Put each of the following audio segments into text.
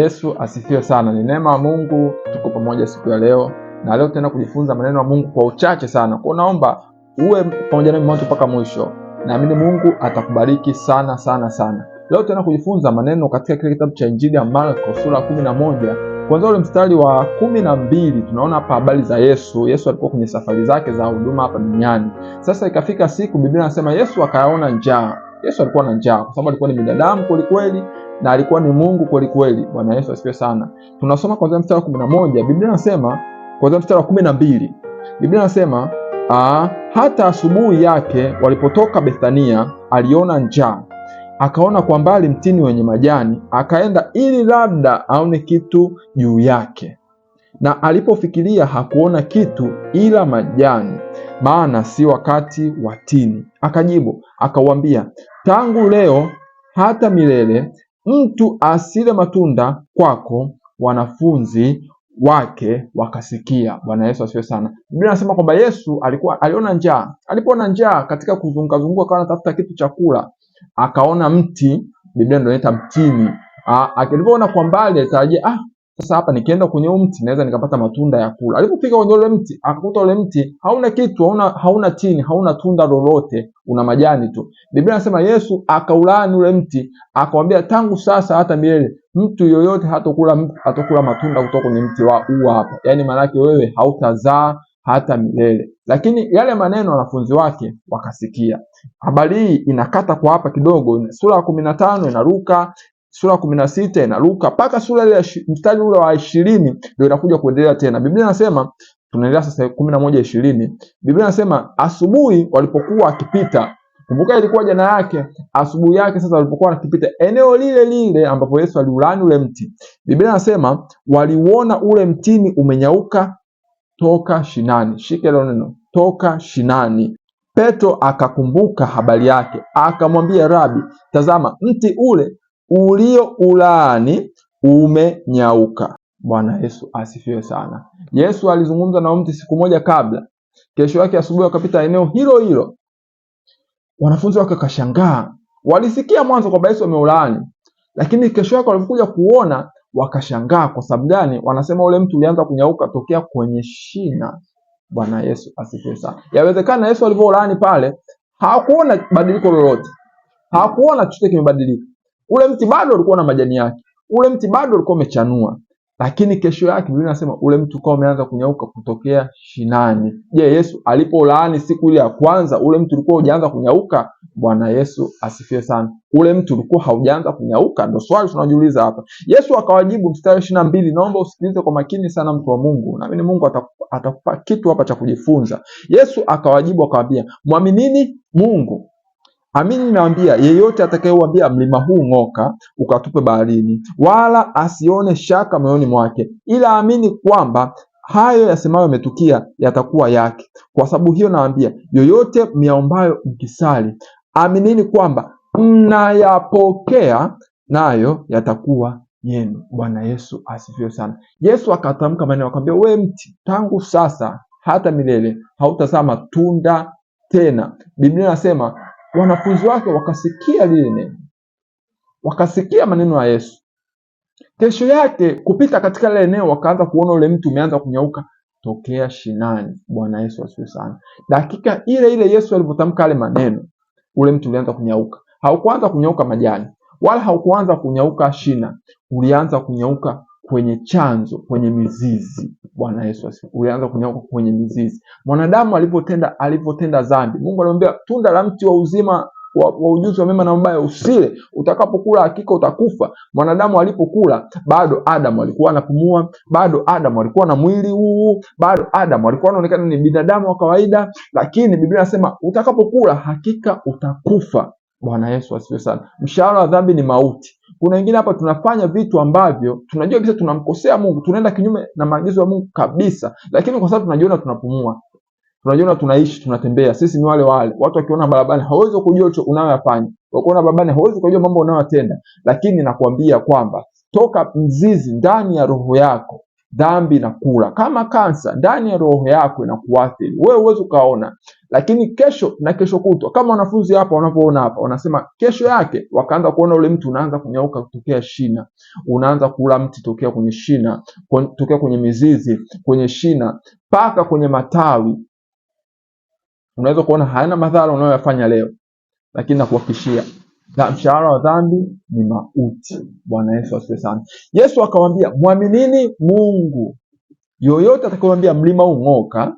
Yesu asifiwe sana. Ni neema ya Mungu tuko pamoja siku ya leo, na leo tena kujifunza maneno ya Mungu kwa uchache sana. Kwa naomba uwe pamoja nami mwanzo mpaka mwisho, naamini Mungu atakubariki sana sana sana. Leo tena kujifunza maneno katika kile kitabu cha Injili ya Marko sura ya kumi na moja kwanza ule mstari wa kumi na mbili tunaona hapa habari za Yesu. Yesu alikuwa kwenye safari zake za huduma hapa duniani. Sasa ikafika siku, Biblia nasema Yesu akaona njaa. Yesu alikuwa na njaa kwa sababu alikuwa ni binadamu kwelikweli, na alikuwa ni Mungu kweli kweli. Bwana Yesu asifiwe sana. Tunasoma kwanza mstari wa moja Biblia inasema kwanza mstari wa mbili Biblia inasema ah, hata asubuhi yake walipotoka Bethania aliona njaa, akaona kwa mbali mtini wenye majani, akaenda ili labda aone kitu juu yake, na alipofikiria hakuona kitu ila majani, maana si wakati wa tini. Akajibu akauambia, tangu leo hata milele mtu asile matunda kwako wanafunzi wake wakasikia. Bwana Yesu asifiwe sana. Biblia anasema kwamba Yesu alikuwa aliona njaa. Alipoona njaa, katika kuzunguka zunguka, akawa anatafuta kitu cha kula, akaona mti. Biblia ndio inaita mtini. akilipoona kwa mbali, alitarajia ah, sasa hapa nikienda kwenye mti naweza nikapata matunda ya kula. Alipofika kwenye ule mti akakuta ule mti hauna kitu, hauna hauna tini, hauna tunda lolote, una majani tu. Biblia inasema Yesu akaulaani ule mti, akamwambia tangu sasa hata milele mtu yoyote hatokula hatokula matunda kutoka kwenye mti wa huu hapa. Yaani maana yake wewe hautazaa hata milele. Lakini yale maneno wanafunzi wake wakasikia. Habari hii inakata kwa hapa kidogo, sura ya kumi na tano inaruka sura ya kumi na sita tena Luka mpaka sura ile mstari ule wa ishirini ndio inakuja kuendelea tena. Biblia inasema tunaendelea sasa kumi na moja ishirini Biblia inasema asubuhi walipokuwa akipita Kumbuka ilikuwa jana yake, asubuhi yake. Sasa walipokuwa akipita eneo lile lile ambapo Yesu aliulani ule mti, Biblia inasema waliuona ule mtini umenyauka toka shinani. Shike hilo neno, toka shinani. Petro akakumbuka habari yake, akamwambia Rabi, tazama mti ule ulio ulaani umenyauka. Bwana Yesu asifiwe sana. Yesu alizungumza na mti siku moja kabla, kesho yake asubuhi wakapita eneo hilo hilo, wanafunzi wake wakashangaa. Walisikia mwanzo kwamba Yesu ameulaani, lakini kesho yake walipokuja kuona wakashangaa. Kwa sababu gani? Wanasema ule mtu ulianza kunyauka tokea kwenye shina. Bwana Yesu asifiwe sana. Yawezekana Yesu alivyoulaani pale hakuona badiliko lolote, hakuona chochote kimebadilika Ule mti bado ulikuwa na majani yake, ule mti bado ulikuwa umechanua, lakini kesho yake Biblia inasema ule mti ukawa umeanza kunyauka kutokea shinani. Je, Yesu alipolaani siku ile ya kwanza ule mti ulikuwa hujaanza kunyauka? Bwana Yesu asifiwe sana. Ule mti ulikuwa haujaanza kunyauka? Ndio swali tunajiuliza hapa. Yesu akawajibu, mstari ishirini na mbili. Naomba usikilize kwa makini sana, mtu wa Mungu, naamini Mungu atakupa kitu hapa cha kujifunza. Yesu akawajibu akawaambia, mwaminini Mungu Amini nawaambia, yeyote atakayeuambia mlima huu ng'oka, ukatupe baharini, wala asione shaka moyoni mwake, ila aamini kwamba hayo yasemayo yametukia, yatakuwa yake. Kwa sababu hiyo nawaambia, yoyote myaombayo mkisali, aminini kwamba mnayapokea, nayo yatakuwa yenu. Bwana Yesu asifiwe sana. Yesu akatamka maneno akamwambia, we mti, tangu sasa hata milele hautazaa matunda tena. Biblia inasema wanafunzi wake wakasikia lile neno, wakasikia maneno ya Yesu. Kesho yake kupita katika lile eneo, wakaanza kuona ule mtu umeanza kunyauka tokea shinani. Bwana Yesu asifiwe sana. Dakika ile ile Yesu alivyotamka yale maneno, ule mtu ulianza kunyauka. Haukuanza kunyauka majani wala haukuanza kunyauka shina, ulianza kunyauka kwenye chanzo, kwenye mizizi. Bwana Yesu asifiwe. Ulianza kunyauka kwenye mizizi. Mwanadamu alipotenda alipotenda dhambi, Mungu alimwambia tunda la mti wa uzima wa, wa ujuzi wa mema na mabaya usile, utakapokula hakika utakufa. Mwanadamu alipokula, bado Adamu alikuwa anapumua, bado Adamu alikuwa na mwili huu, bado Adamu alikuwa anaonekana ni binadamu wa kawaida, lakini Biblia inasema utakapokula hakika utakufa. Bwana Yesu asifiwe sana. Mshahara wa dhambi ni mauti. Kuna wengine hapa tunafanya vitu ambavyo tunajua kabisa tunamkosea Mungu, tunaenda kinyume na maagizo ya Mungu kabisa, lakini kwa sababu tunajiona tunapumua, tunajiona tunaishi, tunatembea, sisi ni wale wale. Watu wakiona barabarani hawezi kujua cho unayoyafanya, wakiona barabarani hawezi kujua mambo unayotenda, lakini nakuambia kwamba toka mzizi ndani ya roho yako dhambi na kula kama kansa ndani ya roho yako inakuathiri wewe, huwezi ukaona, lakini kesho na kesho kutwa, kama wanafunzi hapa wanavyoona hapa, wanasema kesho yake wakaanza kuona ule mtu unaanza kunyauka kutokea shina, unaanza kula mti tokea kwenye shina, tokea kwenye mizizi, kwenye shina mpaka kwenye matawi. Unaweza kuona hayana madhara unayoyafanya leo, lakini nakuhakikishia mshahara wa dhambi ni mauti. Bwana Yesu asifiwe sana. Yesu akamwambia, mwaminini Mungu, yoyote atakayemwambia mlima huu ng'oka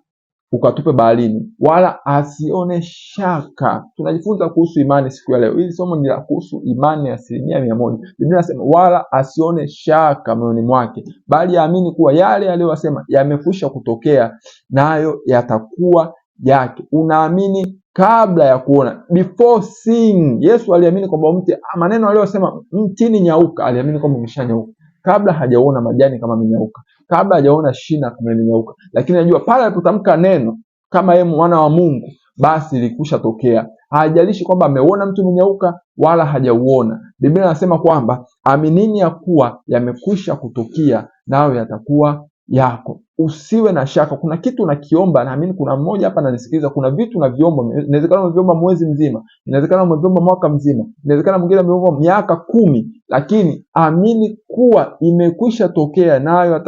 ukatupe baharini, wala asione shaka. Tunajifunza kuhusu imani siku ya leo. Hili somo ni la kuhusu imani ya asilimia mia moja. Biblia inasema wala asione shaka moyoni mwake, bali aamini kuwa yale aliyosema yamekwisha kutokea, nayo yatakuwa yake. Unaamini kabla ya kuona, before seeing. Yesu aliamini kwamba mti, ah, maneno aliyosema mtini nyauka, aliamini kwamba umeshanyauka kabla hajaona majani kama amenyauka, kabla hajaona shina kama limenyauka, lakini anajua pale alipotamka neno kama yeye mwana wa Mungu, basi likusha tokea. Haijalishi kwamba ameuona mtu umenyauka wala hajauona. Biblia inasema kwamba aminini ya kuwa yamekwisha kutokea, nayo yatakuwa yako usiwe na shaka. Kuna kitu unakiomba, naamini kuna mmoja hapa ananisikiliza, kuna vitu unaviomba. Inawezekana umeviomba mwezi mzima, inawezekana umeviomba mwaka mzima, inawezekana mwingine ameomba miaka kumi, lakini amini kuwa imekwisha tokea, nayo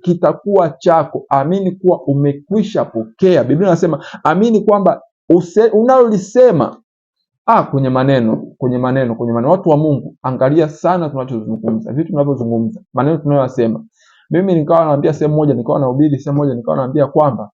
kitakuwa chako. Amini kuwa umekwisha pokea. Biblia inasema amini kwamba unalolisema Ah, kwenye maneno kwenye maneno kwenye maneno. Watu wa Mungu, angalia sana tunachozungumza, vitu tunavyozungumza, maneno tunayoyasema. Mimi nikawa naambia sehemu moja, nikawa nahubiri sehemu moja, nikawa naambia kwamba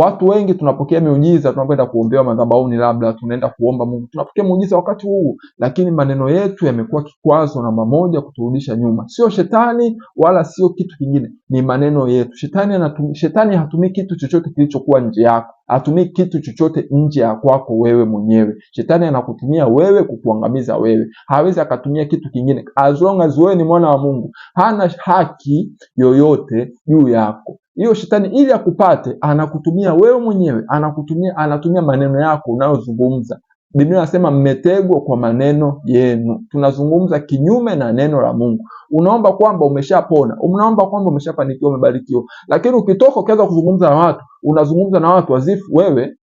Watu wengi tunapokea miujiza tunapenda kuombewa madhabahuni, labda tunaenda kuomba Mungu, tunapokea muujiza wakati huu, lakini maneno yetu yamekuwa kikwazo namba moja kuturudisha nyuma. Sio shetani wala sio kitu kingine, ni maneno yetu. Shetani anatumi, shetani hatumii kitu chochote kilichokuwa nje yako, hatumii kitu chochote nje ya kwako wewe mwenyewe. Shetani anakutumia wewe kukuangamiza wewe, hawezi akatumia kitu kingine, as long as wewe ni mwana wa Mungu. Hana haki yoyote juu yako hiyo shetani ili akupate, anakutumia wewe mwenyewe, anakutumia, anatumia maneno yako unayozungumza. Biblia inasema mmetegwa kwa maneno yenu. Tunazungumza kinyume na neno la Mungu. Unaomba kwamba umeshapona, unaomba kwamba umeshafanikiwa, umebarikiwa, lakini ukitoka ukianza kuzungumza na watu, unazungumza na watu wazifu wewe,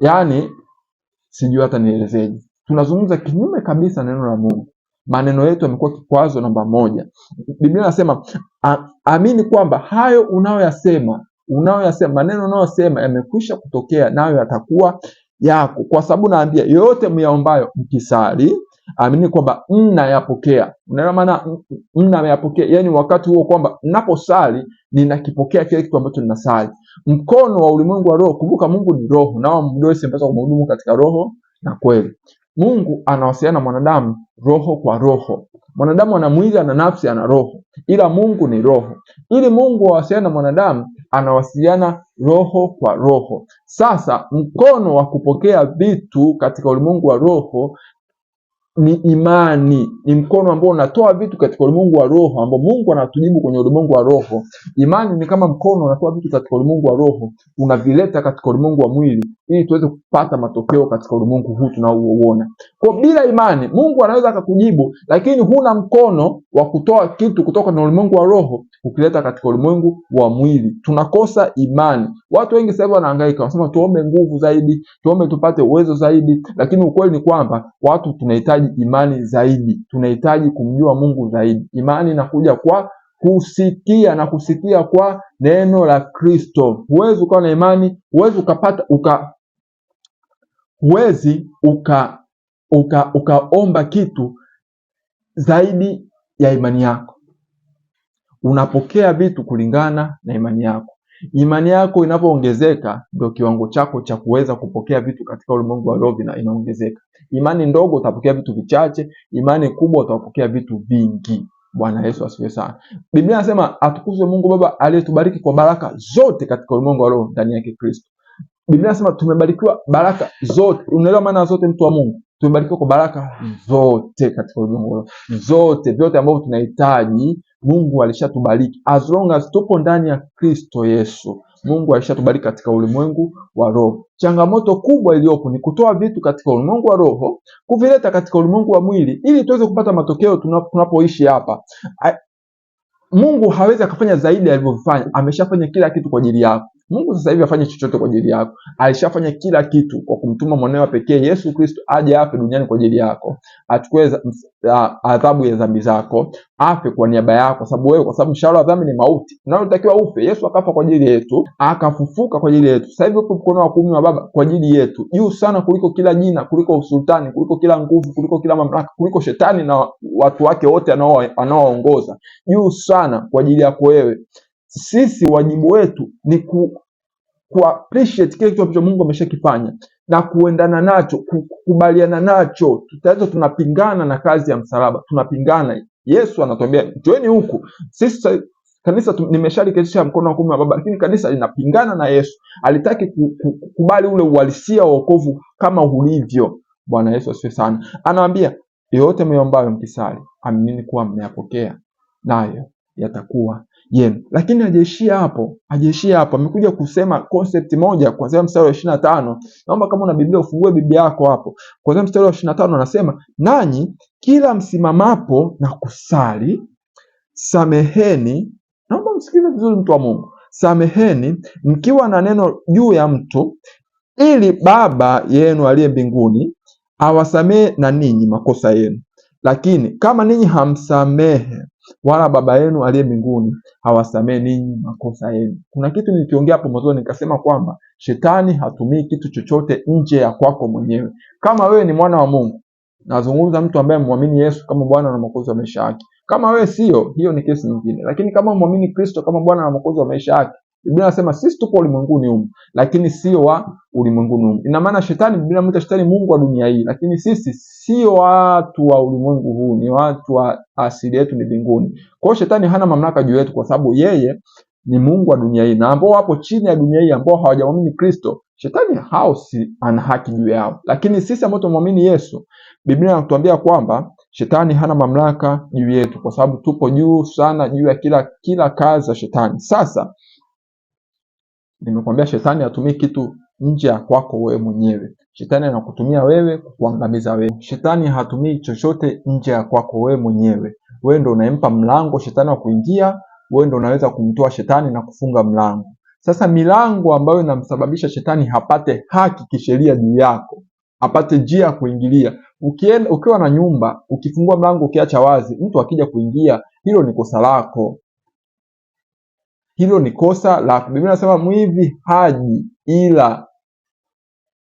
yani sijui hata nielezeje. Tunazungumza kinyume kabisa neno la Mungu. Maneno yetu yamekuwa kikwazo namba moja. Biblia inasema amini kwamba hayo unayoyasema unayoyasema maneno unayosema yamekwisha kutokea, nayo yatakuwa yako, kwa sababu naambia yoyote myaombayo mkisali, amini kwamba mnayapokea. Unaelewa maana mnayapokea, yani wakati huo kwamba mnaposali ninakipokea kile kitu ambacho ninasali. Mkono wa ulimwengu wa roho, kumbuka Mungu ni roho, nao mdosi mpaswa kumhudumu katika roho na kweli. Mungu anawasiliana na mwanadamu roho kwa roho. Mwanadamu ana mwili, ana nafsi, ana roho, ila Mungu ni roho. Ili Mungu awasiliane na mwanadamu, anawasiliana roho kwa roho. Sasa mkono wa kupokea vitu katika ulimwengu wa roho ni imani, ni mkono ambao unatoa vitu katika ulimwengu wa roho, ambao Mungu anatujibu kwenye ulimwengu wa roho. Imani ni kama mkono unatoa vitu katika ulimwengu wa roho, unavileta katika ulimwengu wa mwili, ili tuweze kupata matokeo katika ulimwengu huu tunaouona. Kwa bila imani Mungu anaweza akakujibu, lakini huna mkono wa kutoa kitu kutoka na ulimwengu wa roho ukileta katika ulimwengu wa mwili. Tunakosa imani. Watu wengi sasa wanahangaika, wanasema tuombe nguvu zaidi, tuombe tupate uwezo zaidi, lakini ukweli ni kwamba watu tunahitaji imani zaidi, tunahitaji kumjua Mungu zaidi. Imani inakuja kwa kusikia na kusikia kwa neno la Kristo. Huwezi ukawa na imani, huwezi ukapata uka huwezi uka, uka, ukaomba kitu zaidi ya imani yako. Unapokea vitu kulingana na imani yako. Imani yako inapoongezeka ndio kiwango chako cha kuweza kupokea vitu katika ulimwengu wa roho inaongezeka. Imani ndogo utapokea vitu vichache, imani kubwa utapokea vitu vingi. Bwana Yesu asifiwe sana. Biblia inasema atukuzwe Mungu Baba aliyetubariki kwa baraka zote katika ulimwengu wa roho ndani yake Kristo. Biblia inasema tumebarikiwa baraka zote. Unaelewa maana zote, mtu wa Mungu? Tumebarikiwa kwa baraka zote katika ulimwengu, zote vyote ambavyo tunahitaji Mungu alishatubariki. As long as tupo ndani ya Kristo Yesu, Mungu alishatubariki katika ulimwengu wa roho. Changamoto kubwa iliyopo ni kutoa vitu katika ulimwengu wa roho kuvileta katika ulimwengu wa mwili, ili tuweze kupata matokeo tunapoishi hapa. Mungu hawezi akafanya zaidi alivyofanya, ameshafanya kila kitu kwa ajili yako. Mungu sasa hivi afanye chochote kwa ajili yako. Alishafanya kila kitu kwa kumtuma mwanawe pekee Yesu Kristo aje afe duniani kwa ajili yako, achukue adhabu ya dhambi zako, afe kwa niaba yako, kwa sababu wewe, kwa sababu mshahara wa dhambi ni mauti, unayotakiwa ufe. Yesu akafa kwa ajili yetu, akafufuka kwa ajili yetu. Sasa hivi uko mkono wa kuume wa Baba kwa ajili yetu, juu sana kuliko kila jina, kuliko usultani, kuliko kila nguvu, kuliko kila mamlaka, kuliko shetani na watu wake wote anaowaongoza, juu sana kwa ajili yako wewe sisi wajibu wetu ni ku, ku appreciate kile kitu ambacho Mungu ameshakifanya na kuendana nacho, kukubaliana nacho. Tutaweza tunapingana na kazi ya msalaba, tunapingana. Yesu anatuambia njoeni huku. Sisi kanisa tu- mkono wa kumi wa Baba, lakini kanisa linapingana na Yesu. Alitaki kukubali ule uhalisia wa wokovu kama ulivyo. Bwana Yesu asifiwe sana. Anawaambia yoyote mliombayo mkisali, aminini kuwa mmeyapokea, nayo yatakuwa yenu. Lakini hajaishia hapo, hajaishia hapo, amekuja kusema concept moja kuanzia mstari wa ishirini na tano. Naomba kama una Biblia ufungue Biblia yako hapo, kuanzia mstari wa ishirini na tano anasema, nanyi kila msimamapo na kusali sameheni. Naomba msikilize vizuri, mtu wa Mungu, sameheni mkiwa na neno juu ya mtu, ili Baba yenu aliye mbinguni awasamehe na ninyi makosa yenu. Lakini kama ninyi hamsamehe wala Baba yenu aliye mbinguni hawasamee ninyi makosa yenu. Kuna kitu nilikiongea hapo mwanzo, nikasema kwamba shetani hatumii kitu chochote nje ya kwako mwenyewe. Kama wewe ni mwana wa Mungu, nazungumza mtu ambaye mwamini Yesu kama Bwana na Mwokozi wa maisha yake. Kama wewe sio, hiyo ni kesi nyingine, lakini kama mwamini Kristo kama Bwana na Mwokozi wa maisha yake Biblia inasema sisi tuko ulimwenguni humu, lakini sio wa ulimwenguni humu. Ina maana shetani, Biblia anamuita shetani mungu wa dunia hii, lakini sisi sio watu wa ulimwengu huu, ni watu wa asili yetu ni mbinguni. Kwa hiyo shetani hana mamlaka juu yetu, kwa sababu yeye ni mungu wa dunia hii, na ambao wapo chini ya dunia hii, ambao hawajamwamini Kristo, shetani hao si ana haki juu yao. Lakini sisi ambao tumemwamini Yesu, Biblia inatuambia kwamba shetani hana mamlaka juu yetu, kwa sababu tupo juu sana juu ya kila kila kazi za shetani. Sasa Nimekwambia shetani atumie kitu nje ya kwako wewe mwenyewe. Shetani anakutumia wewe kukuangamiza wewe. Shetani hatumii chochote nje ya kwako wewe mwenyewe. Wewe ndo unayempa mlango shetani wa kuingia, wewe ndio unaweza kumtoa shetani na kufunga mlango. Sasa milango ambayo inamsababisha shetani hapate haki kisheria juu yako, apate njia ya kuingilia. ukiwa na nyumba, ukifungua mlango ukiacha wazi, mtu akija kuingia, hilo ni kosa lako hilo ni kosa la Biblia inasema mwivi haji ila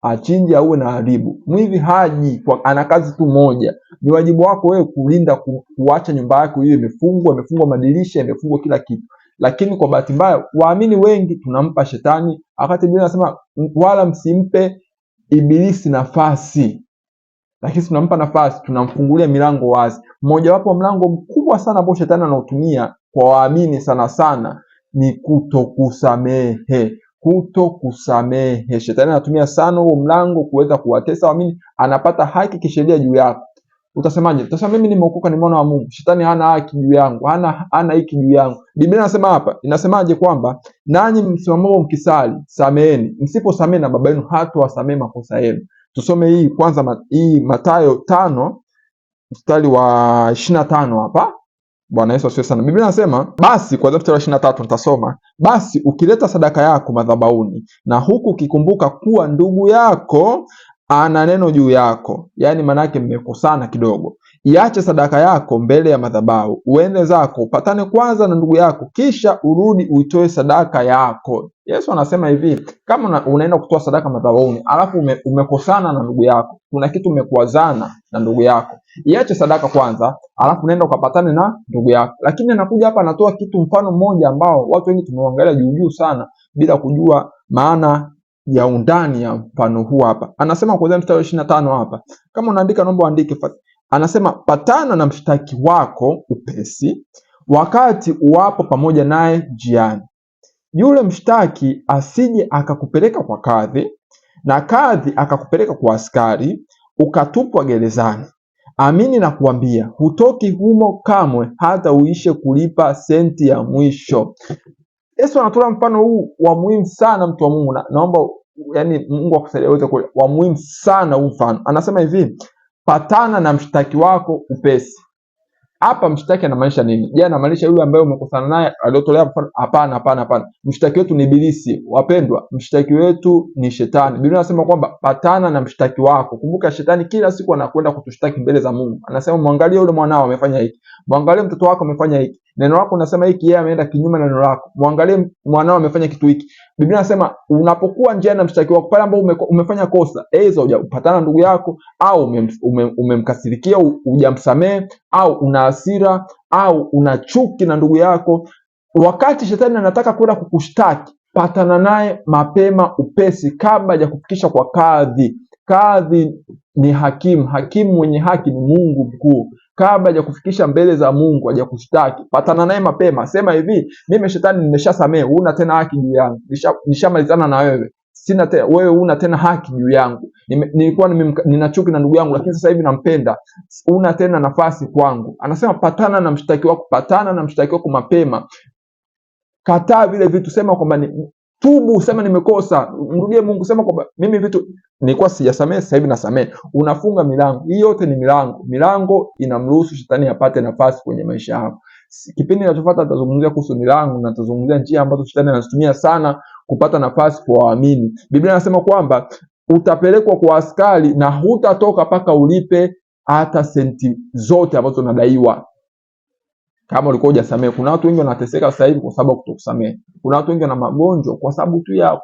achinje auwe na haribu. Mwivi haji kwa, ana kazi tu moja. Ni wajibu wako wewe kulinda, ku, kuacha nyumba yako hiyo imefungwa, imefungwa madirisha, imefungwa kila kitu. Lakini kwa bahati mbaya waamini wengi tunampa shetani, wakati Biblia inasema wala msimpe ibilisi nafasi, lakini tunampa nafasi, tunamfungulia milango wazi. Mmojawapo wa mlango mkubwa sana ambao shetani anautumia kwa waamini sana sana ni kutokusamehe kuto kusamehe. Shetani anatumia sana huo mlango kuweza kuwatesa waamini, anapata haki kisheria juu yako. Utasemaje? Utasema mimi nimeokoka, ni mwana wa Mungu, shetani hana haki juu yangu, hana hana hiki juu yangu. Biblia inasema hapa, inasemaje? Kwamba nanyi msimamao mkisali sameheni msiposamehe na baba yenu wasamehe makosa yenu. Tusome hii kwanza, hii Mathayo tano mstari wa ishirini na tano hapa Bwana Yesu asifiwe sana. Biblia inasema basi, kwa mstari ishirini na tatu nitasoma: basi ukileta sadaka yako madhabauni na huku ukikumbuka kuwa ndugu yako ana neno juu yako, yaani maanake mmekosana kidogo, iache sadaka yako mbele ya madhabahu, uende zako upatane kwanza na ndugu yako, kisha urudi uitoe sadaka yako. Yesu anasema hivi, kama unaenda kutoa sadaka madhabahuni alafu ume, umekosana na ndugu yako, kuna kitu umekuwazana na ndugu yako iache sadaka kwanza, alafu nenda ukapatane na ndugu yako. Lakini anakuja hapa anatoa kitu mfano mmoja ambao watu wengi tumeuangalia juu juu sana bila kujua maana ya undani ya mfano huu hapa. Anasema kwa mstari wa 25 hapa. Kama unaandika naomba uandike. Anasema patana na mshtaki wako upesi wakati uwapo pamoja naye njiani, yule mshtaki asije akakupeleka kwa kadhi na kadhi akakupeleka kwa askari ukatupwa gerezani. Amini nakuambia, hutoki humo kamwe, hata uishe kulipa senti ya mwisho. Yesu anatoa mfano huu wa muhimu sana, mtu wa Mungu, na naomba yani Mungu akusaidie uweze kule, wa muhimu sana huu mfano. Anasema hivi, patana na mshtaki wako upesi. Hapa mshtaki anamaanisha nini? Je, anamaanisha yule ambaye umekutana naye aliotolea mfano? Hapana, hapana, hapana. Mshtaki wetu ni Ibilisi. Wapendwa, mshtaki wetu ni Shetani. Biblia inasema kwamba patana na mshtaki wako. Kumbuka Shetani kila siku anakwenda kutushtaki mbele za Mungu, anasema mwangalie yule mwanao amefanya hiki, mwangalie mtoto wako amefanya hiki neno lako unasema hiki, yeye ameenda kinyume na neno lako. Mwangalie mwanao amefanya kitu hiki. Biblia inasema unapokuwa njiani na mshtaki wako, pale ambapo ume, umefanya kosa, aidha hujapatana ndugu yako au umemkasirikia ume, ume hujamsamehe, au una hasira au una chuki na ndugu yako, wakati shetani anataka kwenda kukushtaki, patana naye mapema upesi, kabla ya kufikisha kwa kadhi. Kadhi ni hakimu, hakimu mwenye haki ni Mungu mkuu kabla hajakufikisha mbele za Mungu, hajakushtaki, patana naye mapema, sema hivi, mimi shetani nimeshasamehe, huna tena haki juu yangu, nishamalizana na wewe sina te, wewe una tena haki juu yangu. Nilikuwa nina chuki na ndugu yangu, lakini sasa hivi nampenda, una tena nafasi kwangu. Anasema patana na mshtaki wako, patana na mshtaki wako mapema, kataa vile vitu, sema kwamba Tubu, sema nimekosa, mrudie Mungu, sema kwamba mimi vitu nilikuwa sijasamehe, sasa hivi nasamehe. Unafunga milango hii, yote ni milango. Milango inamruhusu shetani apate nafasi kwenye maisha yako. Kipindi kinachofuata tutazungumzia kuhusu milango na tutazungumzia njia ambazo shetani anazitumia sana kupata nafasi kwa waamini. Biblia inasema kwamba utapelekwa kwa askari na hutatoka mpaka ulipe hata senti zote ambazo unadaiwa kama ulikuwa hujasamehe. Kuna watu wengi wanateseka sasa hivi kwa sababu kutokusamehe. Kuna watu wengi wana magonjwa kwa sababu tu ya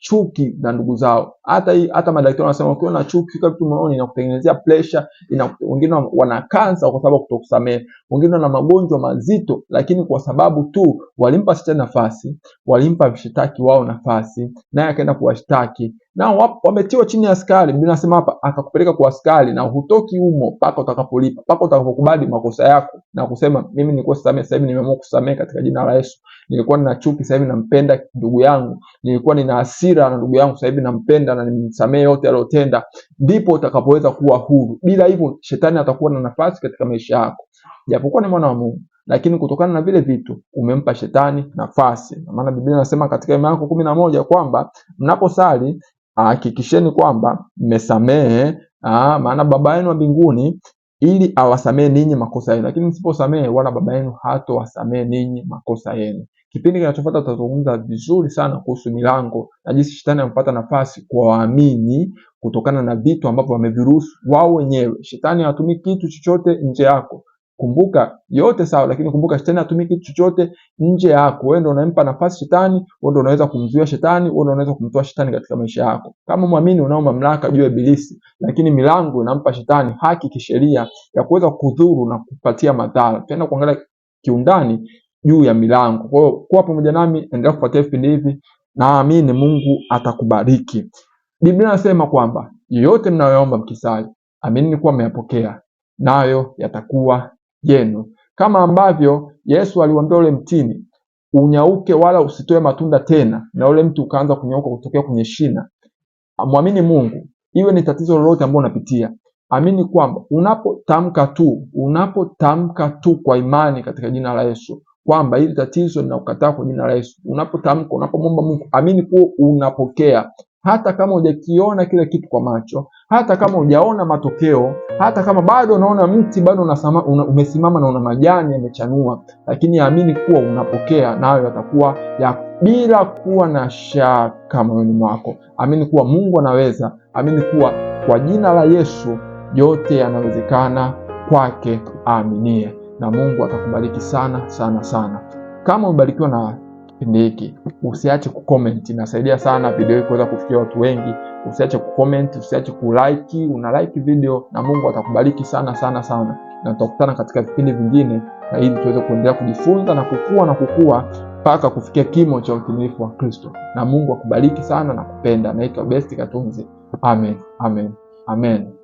chuki na ndugu zao. Hata hii hata madaktari wanasema ukiwa na chuki kwa mtu mmoja inakutengenezea pressure, ina wengine wana kansa kwa sababu kutokusamehe, wengine wana magonjwa mazito, lakini kwa sababu tu walimpa shetani nafasi, walimpa mshitaki wao nafasi, naye akaenda kuwashtaki na wametiwa chini ya askari. Biblia inasema hapa akakupeleka kwa askari na hutoki humo mpaka utakapolipa, mpaka utakapokubali makosa yako na kusema mimi nilikuwa sisamehe, sasa hivi nimeamua kusamehe katika jina la Yesu. Nilikuwa nina chuki, sasa hivi nampenda ndugu yangu. Nilikuwa nina hasira na ndugu yangu, sasa hivi nampenda na nimsamehe yote aliyotenda. Ndipo utakapoweza kuwa huru. Bila hivyo, shetani atakuwa na nafasi katika maisha yako, japokuwa ni mwana wa Mungu lakini kutokana na vile vitu umempa shetani nafasi. Maana Biblia inasema katika Marko kumi na moja kwamba mnaposali hakikisheni kwamba mmesamehe, maana baba yenu wa mbinguni ili awasamehe ninyi makosa yenu, lakini msiposamehe wala baba yenu hatowasamehe ninyi makosa yenu. Kipindi kinachofuata tutazungumza vizuri sana kuhusu milango na jinsi shetani amepata nafasi kwa waamini kutokana na vitu ambavyo wameviruhusu wao wenyewe. Shetani hatumii kitu chochote nje yako. Kumbuka yote sawa, lakini kumbuka shetani hatumii kitu chochote nje yako. Wewe ndio unampa nafasi shetani, wewe ndio unaweza kumzuia shetani, wewe ndio unaweza kumtoa shetani katika maisha yako. Kama mwamini, unao mamlaka juu ya ibilisi, lakini milango inampa shetani haki kisheria ya kuweza kudhuru na kupatia madhara. Tena kuangalia kiundani juu ya milango. Kwa hiyo kuwa pamoja nami, endelea kufuatilia vipindi hivi, naamini Mungu atakubariki. Biblia inasema kwamba yote mnayoomba mkisali, amini kuwa mmeyapokea, nayo yatakuwa yenu, kama ambavyo Yesu aliuambia ule mtini unyauke, wala usitoe matunda tena, na ule mtu ukaanza kunyauka kutokea kwenye shina. Mwamini Mungu, iwe ni tatizo lolote ambalo unapitia, amini kwamba unapotamka tu, unapotamka tu kwa imani katika jina la Yesu kwamba hili tatizo ninaukataa kwa jina la Yesu. Unapotamka, unapomwomba Mungu, amini kuwa unapokea hata kama hujakiona kile kitu kwa macho, hata kama hujaona matokeo, hata kama bado unaona mti bado unasama, una, umesimama na una majani yamechanua, lakini amini kuwa unapokea nayo yatakuwa ya bila kuwa na shaka moyoni mwako. Amini kuwa Mungu anaweza, amini kuwa kwa jina la Yesu yote yanawezekana kwake aaminie, na Mungu atakubariki sana sana sana kama umebarikiwa na kipindi hiki. Usiache kucomment, inasaidia sana video hii kuweza kufikia watu wengi. Usiache kucomment, usiache kulike. Una like video na Mungu atakubariki sana sana sana, na tutakutana katika vipindi vingine, na ili tuweze kuendelea kujifunza na kukua na kukua mpaka kufikia kimo cha utimilifu wa Kristo. Na Mungu akubariki sana na kupenda. Naitwa Best Katunzi. Amen, amen, amen.